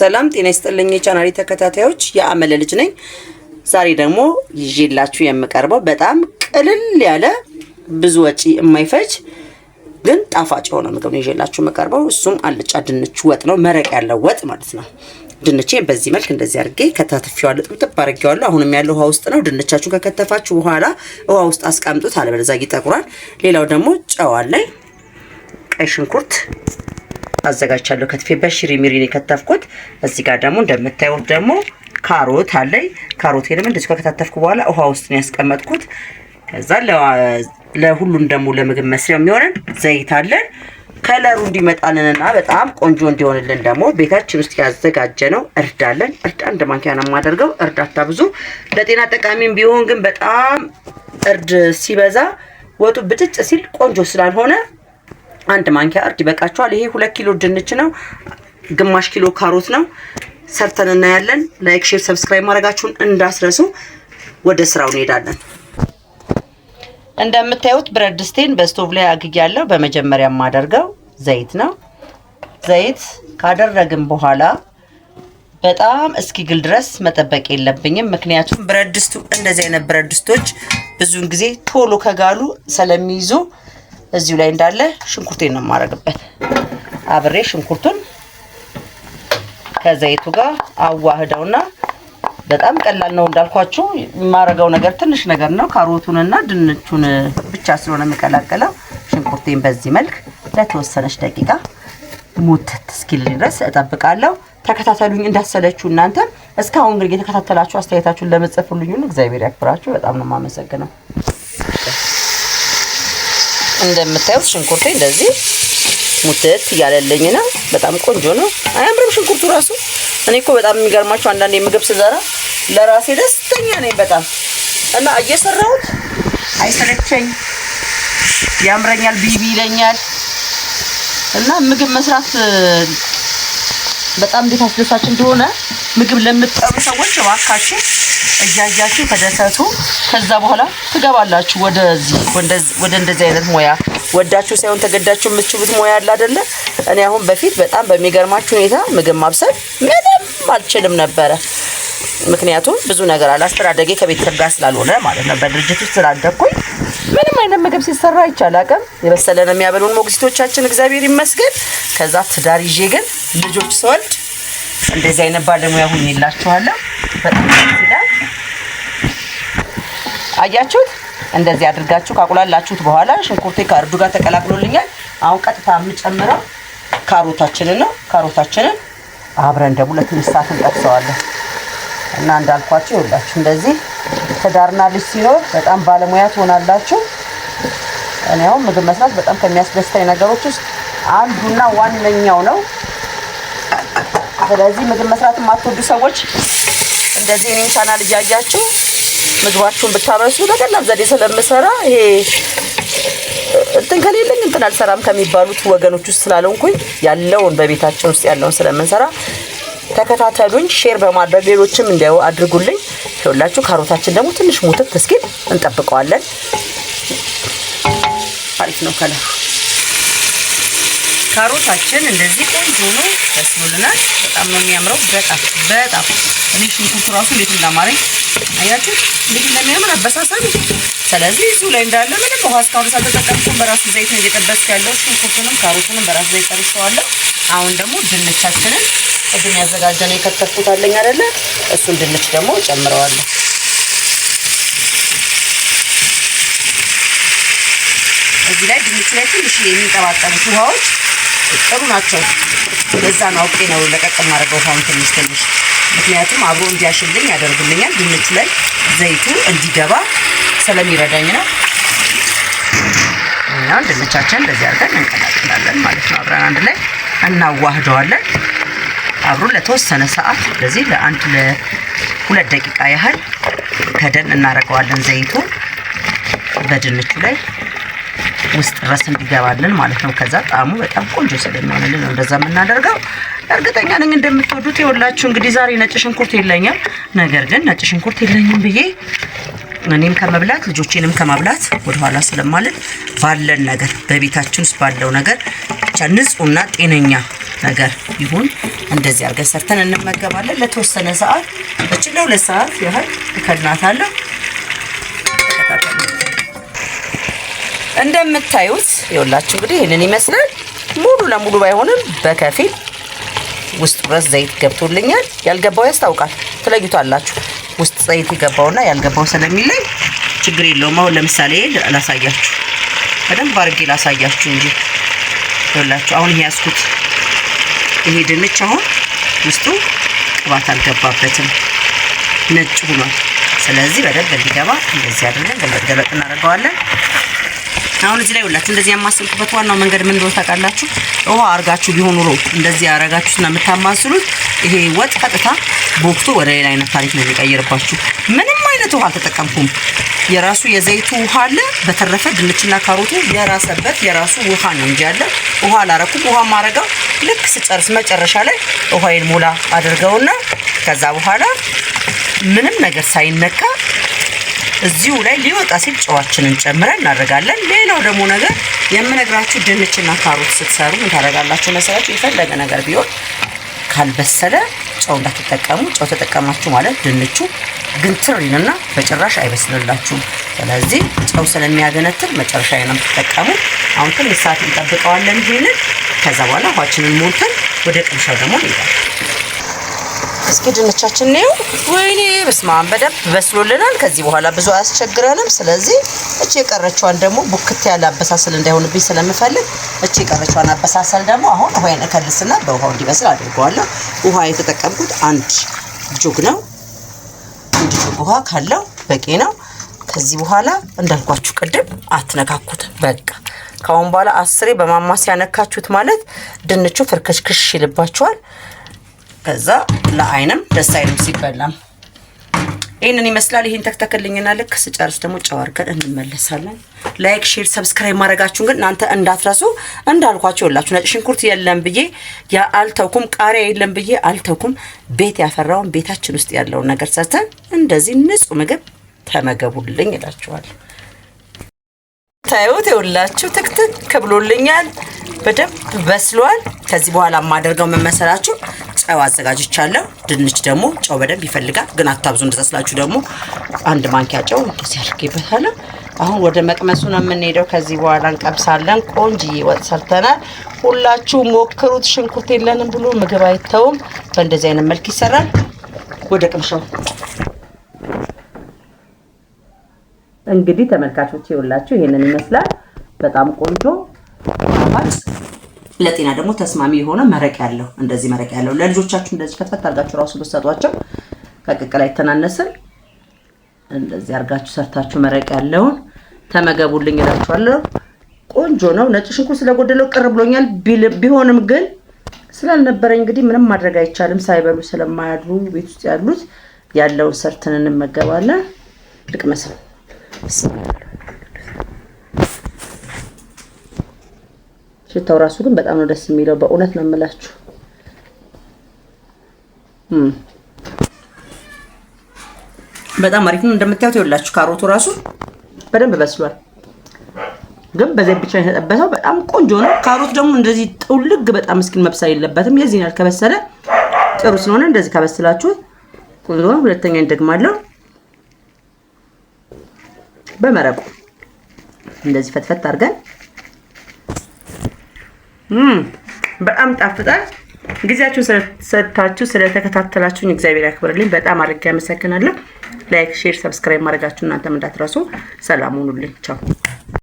ሰላም ጤና ይስጥልኝ የቻናሌ ተከታታዮች፣ የአመለ ልጅ ነኝ። ዛሬ ደግሞ ይዤላችሁ የምቀርበው በጣም ቅልል ያለ ብዙ ወጪ የማይፈጅ ግን ጣፋጭ የሆነ ምግብ ነው ይዤላችሁ የምቀርበው። እሱም አልጫ ድንች ወጥ ነው፣ መረቅ ያለው ወጥ ማለት ነው። ድንቼ በዚህ መልክ እንደዚህ አድርጌ ከታትፌዋለሁ፣ ጥብጥብ አድርጌዋለሁ። አሁንም ያለው ውሃ ውስጥ ነው። ድንቻችሁን ከከተፋችሁ በኋላ ውሃ ውስጥ አስቀምጡት፣ አለበለዚያ ይጠቁራል። ሌላው ደግሞ ጨዋ ላይ ቀይ ሽንኩርት አዘጋጅቻለሁ። ከትፌ በሽሪ ሚሪን የከተፍኩት። እዚህ ጋር ደግሞ እንደምታዩት ደግሞ ካሮት አለኝ። ካሮቴንም እንደዚህ ከከታተፍኩ በኋላ ውሃ ውስጥ ነው ያስቀመጥኩት። ከዛ ለሁሉም ደግሞ ለምግብ መስሪያ የሚሆነን ዘይት አለን። ከለሩ እንዲመጣልንና በጣም ቆንጆ እንዲሆንልን ደግሞ ቤታችን ውስጥ ያዘጋጀ ነው እርዳለን። እርድ አንድ ማንኪያ ነው የማደርገው። እርድ አታብዙ፣ ለጤና ጠቃሚም ቢሆን ግን በጣም እርድ ሲበዛ ወጡ ብጭጭ ሲል ቆንጆ ስላልሆነ አንድ ማንኪያ እርድ ይበቃችኋል። ይሄ ሁለት ኪሎ ድንች ነው፣ ግማሽ ኪሎ ካሮት ነው። ሰርተን እናያለን። ላይክ፣ ሼር፣ ሰብስክራይብ ማድረጋችሁን እንዳስረሱ። ወደ ስራው እንሄዳለን። እንደምታዩት ብረት ድስቴን በስቶቭ ላይ አግያለሁ። በመጀመሪያ የማደርገው ዘይት ነው። ዘይት ካደረግን በኋላ በጣም እስኪግል ድረስ መጠበቅ የለብኝም። ምክንያቱም ብረት ድስቱ እንደዚህ አይነት ብረት ድስቶች ብዙውን ጊዜ ቶሎ ከጋሉ ስለሚይዙ እዚሁ ላይ እንዳለ ሽንኩርቴን ነው የማደርግበት። አብሬ ሽንኩርቱን ከዘይቱ ጋር አዋህደውና በጣም ቀላል ነው እንዳልኳችሁ። የማረገው ነገር ትንሽ ነገር ነው። ካሮቱንና ድንቹን ብቻ ስለሆነ የሚቀላቀለው ሽንኩርቴን በዚህ መልክ ለተወሰነች ደቂቃ ሙትት እስኪል ድረስ እጠብቃለሁ። ተከታተሉኝ እንዳሰለችሁ። እናንተ እስካሁን እንግዲህ የተከታተላችሁ አስተያየታችሁን ለምጽፍልኝ እግዚአብሔር ያክብራችሁ። በጣም ነው የማመሰግነው። እንደምታዩት ሽንኩርቴ እንደዚህ ሙትት እያለልኝ ነው። በጣም ቆንጆ ነው። አያምርም ሽንኩርቱ ራሱ? እኔ እኮ በጣም የሚገርማችሁ አንዳንድ የምግብ ስዘራ ለራሴ ደስተኛ ነኝ በጣም እና እየሰራሁት አይሰለቸኝ፣ ያምረኛል፣ ቢቢ ይለኛል እና ምግብ መስራት በጣም እንዴት አስደሳች እንደሆነ ምግብ ለምትጠሩ ሰዎች እባካችሁ እያያችሁ ተደሰቱ። ከዛ በኋላ ትገባላችሁ ወደዚህ ወደ እንደዚህ አይነት ሙያ ወዳችሁ ሳይሆን ተገዳችሁ የምትችሉት ሙያ አለ አይደለ? እኔ አሁን በፊት በጣም በሚገርማችሁ ሁኔታ ምግብ ማብሰል ምንም አልችልም ነበረ። ምክንያቱም ብዙ ነገር አላስተዳደጌ ከቤተሰብ ጋር ስላልሆነ ማለት ነው። በድርጅት ውስጥ ስላደግኩኝ ምንም አይነት ምግብ ሲሰራ አይቻል አቅም የበሰለን የሚያበሉን ሞግዚቶቻችን እግዚአብሔር ይመስገን። ከዛ ትዳር ይዤ ግን ልጆች ስወልድ እንደዚህ አይነት ባለሙያ ሁን አያችሁት? እንደዚህ አድርጋችሁ ካቁላላችሁት በኋላ ሽንኩርቴ ከእርዱ ጋር ተቀላቅሎልኛል። አሁን ቀጥታ የምጨምረው ካሮታችንን ነው። ካሮታችንን አብረን ደግሞ ለትንሽ ሰዓት እንጠብሰዋለን እና እንዳልኳችሁ ይኸውላችሁ እንደዚህ ትዳርና ልጅ ሲኖር በጣም ባለሙያ ትሆናላችሁ። እኔ አሁን ምግብ መስራት በጣም ከሚያስደስተኝ ነገሮች ውስጥ አንዱና ዋነኛው ነው። ስለዚህ ምግብ መስራት የማትወዱ ሰዎች እንደዚህ እኔን ቻናል እያያችሁ ምግባችሁን ብታበሱ በቀላል ዘዴ ስለምሰራ ይሄ እንትን ከሌለኝ እንትን አልሰራም ከሚባሉት ወገኖች ውስጥ ስላልሆንኩኝ ያለውን በቤታችን ውስጥ ያለውን ስለምንሰራ ተከታተሉኝ። ሼር በማድረግ ሌሎችም እንዲያው አድርጉልኝ። ሁላችሁ ካሮታችን ደግሞ ትንሽ ሙትት እስኪል እንጠብቀዋለን። አሪፍ ነው ከለሩ ካሮታችን እንደዚህ ቆንጆ ሆኖ በስሎልናል። በጣም ነው የሚያምረው። በጣም በጣም እኔ ሽንኩርቱ ራሱ እንዴት እንዳማረኝ አያችሁ፣ እንዴት እንደሚያምር አበሳሰሉ። ስለዚህ እዚሁ ላይ እንዳለ ምንም ውሃ እስካሁን ሳልተጠቀምኩም በራሱ ዘይት ነው እየጠበስኩ ያለው። ሽንኩርቱንም ካሮቱንም በራሱ ዘይት ጠብሼዋለሁ። አሁን ደግሞ ድንቻችንን ቅድም ያዘጋጀነው የከተፍኩት አለኝ አይደለ? እሱን ድንች ደግሞ ጨምረዋለሁ። እዚህ ላይ ድንች ላይ ትንሽ የሚንጠባጠቡት ውሃዎች ጥሩ ናቸው። ለዛ ነው አውቄ ነው ለቀቅ ማድረገው ውሃውን ትንሽ ትንሽ፣ ምክንያቱም አብሮ እንዲያሽልኝ ያደርግልኛል። ድንች ላይ ዘይቱ እንዲገባ ስለሚረዳኝ ነው። እና ድንቻችን እንደዚህ አድርገን እንቀላቅላለን ማለት ነው። አብረን አንድ ላይ እናዋህደዋለን። አብሮ ለተወሰነ ሰዓት እንደዚህ ለአንድ ለሁለት ደቂቃ ያህል ከደን እናደርገዋለን ዘይቱ በድንቹ ላይ ውስጥ ድረስ እንዲገባልን ማለት ነው። ከዛ ጣዕሙ በጣም ቆንጆ ስለሚሆንልን ነው እንደዛ የምናደርገው። እርግጠኛ ነኝ እንደምትወዱት። የወላችሁ እንግዲህ ዛሬ ነጭ ሽንኩርት የለኝም፣ ነገር ግን ነጭ ሽንኩርት የለኝም ብዬ እኔም ከመብላት ልጆቼንም ከማብላት ወደኋላ ስለማልን ባለን ነገር በቤታችን ውስጥ ባለው ነገር ብቻ ንጹሕና ጤነኛ ነገር ይሁን እንደዚህ አድርገን ሰርተን እንመገባለን። ለተወሰነ ሰዓት በችለው ለሰዓት ያህል እከድናታለሁ። እንደምታዩት ይኸውላችሁ እንግዲህ ይህንን ይመስላል። ሙሉ ለሙሉ ባይሆንም በከፊል ውስጥ ድረስ ዘይት ገብቶልኛል። ያልገባው ያስታውቃል፣ ትለዩታላችሁ። ውስጥ ዘይት የገባውና ያልገባው ስለሚለይ ችግር የለውም። አሁን ለምሳሌ ላሳያችሁ፣ በደንብ አድርጌ ላሳያችሁ እንጂ ይኸውላችሁ አሁን ይሄ ያዝኩት ይሄ ድንች አሁን ውስጡ ቅባት አልገባበትም፣ ነጭ ሆኗል። ስለዚህ በደንብ እንዲገባ እንደዚህ አድርገን ገለጥ ገለጥ እናደርገዋለን። አሁን እዚህ ላይ ሁላችሁ እንደዚህ ያማሰልኩበት ዋናው መንገድ ምን እንደሆነ ታውቃላችሁ። ውሃ አርጋችሁ ቢሆን ኑሮ እንደዚህ ያረጋችሁና የምታማስሉት ይሄ ወጥ ቀጥታ ቦክቶ ወደ ሌላ አይነት ታሪክ ነው የሚቀይርባችሁ። ምንም አይነት ውሃ አልተጠቀምኩም። የራሱ የዘይቱ ውሃ አለ። በተረፈ ድንችና ካሮቱ የራሰበት የራሱ ውሃ ነው እንጂ ያለ ውሃ አላረኩም። ውሃ ማረገው ልክ ስጨርስ መጨረሻ ላይ ውሃዬን ሙላ አድርገውና ከዛ በኋላ ምንም ነገር ሳይነካ እዚሁ ላይ ሊወጣ ሲል ጨዋችንን ጨምረን እናደርጋለን። ሌላው ደግሞ ነገር የምነግራችሁ ድንችና ካሮት ስትሰሩ ምን ታደርጋላችሁ መሰላችሁ? የፈለገ ነገር ቢሆን ካልበሰለ ጨው እንዳትጠቀሙ። ጨው ተጠቀማችሁ ማለት ድንቹ ግንትሪንና በጭራሽ አይበስልላችሁም። ስለዚህ ጨው ስለሚያገነትር መጨረሻ ነው የምትጠቀሙ። አሁን ትንሽ ሰዓት እንጠብቀዋለን ይሄንን። ከዛ በኋላ ውሃችንን ሞልተን ወደ ቅምሻው ደግሞ እንሄዳለን። እስኪ ድንቻችን ነው። ወይኔ በስመ አብ በደንብ በስሎልናል። ከዚህ በኋላ ብዙ አያስቸግረንም። ስለዚህ እቺ የቀረችዋን ደግሞ ቡክት ያለ አበሳሰል እንዳይሆንብኝ ስለምፈልግ እቺ የቀረችዋን አበሳሰል ደግሞ አሁን ውሃ እነከልስና በውሃው እንዲበስል አድርገዋለሁ። ውሃ የተጠቀምኩት አንድ ጁግ ነው። አንድ ጁግ ውሃ ካለው በቂ ነው። ከዚህ በኋላ እንዳልኳችሁ ቅድም አትነካኩት በቃ ከአሁን በኋላ አስሬ በማማስ ያነካችሁት ማለት ድንቹ ፍርክሽክሽ ይልባችኋል። ከዛ ለአይንም ደስ አይልም ሲበላም። ይህንን ይመስላል። ይህን ተክተክልኝና ልክ ስጨርስ ደግሞ ጨዋርገን እንመለሳለን። ላይክ፣ ሼር፣ ሰብስክራይብ ማድረጋችሁን ግን እናንተ እንዳትረሱ። እንዳልኳቸው ላችሁ ነጭ ሽንኩርት የለም ብዬ አልተውኩም፣ ቃሪያ የለም ብዬ አልተውኩም። ቤት ያፈራውን ቤታችን ውስጥ ያለውን ነገር ሰርተን እንደዚህ ንጹህ ምግብ ተመገቡልኝ ይላችኋል። ታዩት የውላችሁ ትክትክ ብሎልኛል፣ በደንብ በስሏል። ከዚህ በኋላ የማደርገው መመሰላችሁ ጨው አዘጋጅቻለሁ። ድንች ደግሞ ጨው በደንብ ይፈልጋል፣ ግን አታብዙ። እንደዛ ደግሞ አንድ ማንኪያ ጨው እንደዚህ አድርጌበታለሁ። አሁን ወደ መቅመሱ ነው የምንሄደው። ከዚህ በኋላ እንቀምሳለን። ቆንጅዬ ወጥ ሰርተናል። ሁላችሁ ሞክሩት። ሽንኩርት የለንም ብሎ ምግብ አይተውም። በእንደዚህ አይነት መልክ ይሰራል። ወደ ቅምሻው እንግዲህ ተመልካቾች ይኸውላችሁ ይሄንን ይመስላል። በጣም ቆንጆ አባጭ ለጤና ደግሞ ተስማሚ የሆነ መረቅ ያለው እንደዚህ መረቅ ያለው ለልጆቻችሁ እንደዚህ ከፈት አድርጋችሁ ራሱ ብትሰጧቸው ከቅቅል አይተናነስም። እንደዚህ አድርጋችሁ ሰርታችሁ መረቅ ያለውን ተመገቡልኝ እላችኋለሁ። ቆንጆ ነው። ነጭ ሽንኩርት ስለጎደለው ቅር ብሎኛል። ቢሆንም ግን ስላልነበረኝ እንግዲህ ምንም ማድረግ አይቻልም። ሳይበሉ ስለማያድሩ ቤት ውስጥ ያሉት ያለውን ሰርተን እንመገባለን። ልቅመሰው ሽታው ራሱ ግን በጣም ነው ደስ የሚለው። በእውነት ነው የምላችሁ። በጣም አሪፍ ነው። እንደምታዩት ይኸውላችሁ ካሮቱ ራሱ በደንብ በስሏል። ግን በዘይት ብቻ የተጠበሰው በጣም ቆንጆ ነው። ካሮት ደግሞ እንደዚህ ጥውልግ በጣም እስኪን መብሰል የለበትም። የዚህን ያህል ከበሰለ ጥሩ ስለሆነ እንደዚህ ከበስላችሁ ቆንጆ ነው። ሁለተኛ እንደግማለሁ በመረቁ እንደዚህ ፈትፈት አድርገን በጣም ጣፍጣል። ጊዜያችሁን ሰጥታችሁ ስለተከታተላችሁን እግዚአብሔር ያክብርልኝ። በጣም አድርጌ አመሰግናለሁ። ላይክ፣ ሼር፣ ሰብስክራይብ ማድረጋችሁ እናንተም እንዳትረሱ። ሰላም ሁኑልኝ። ቻው